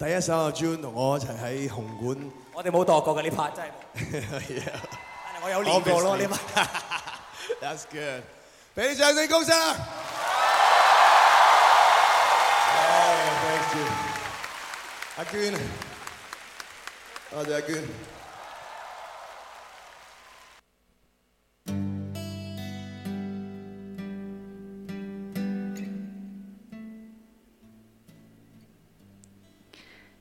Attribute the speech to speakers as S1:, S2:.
S1: 第一首阿 Jun 同我一齊喺紅館，我哋冇度過嘅呢拍真係，但係我有練過咯呢拍。That's good，俾你掌聲，高聲啊！Thank you，阿 Jun，啊，多謝阿 Jun。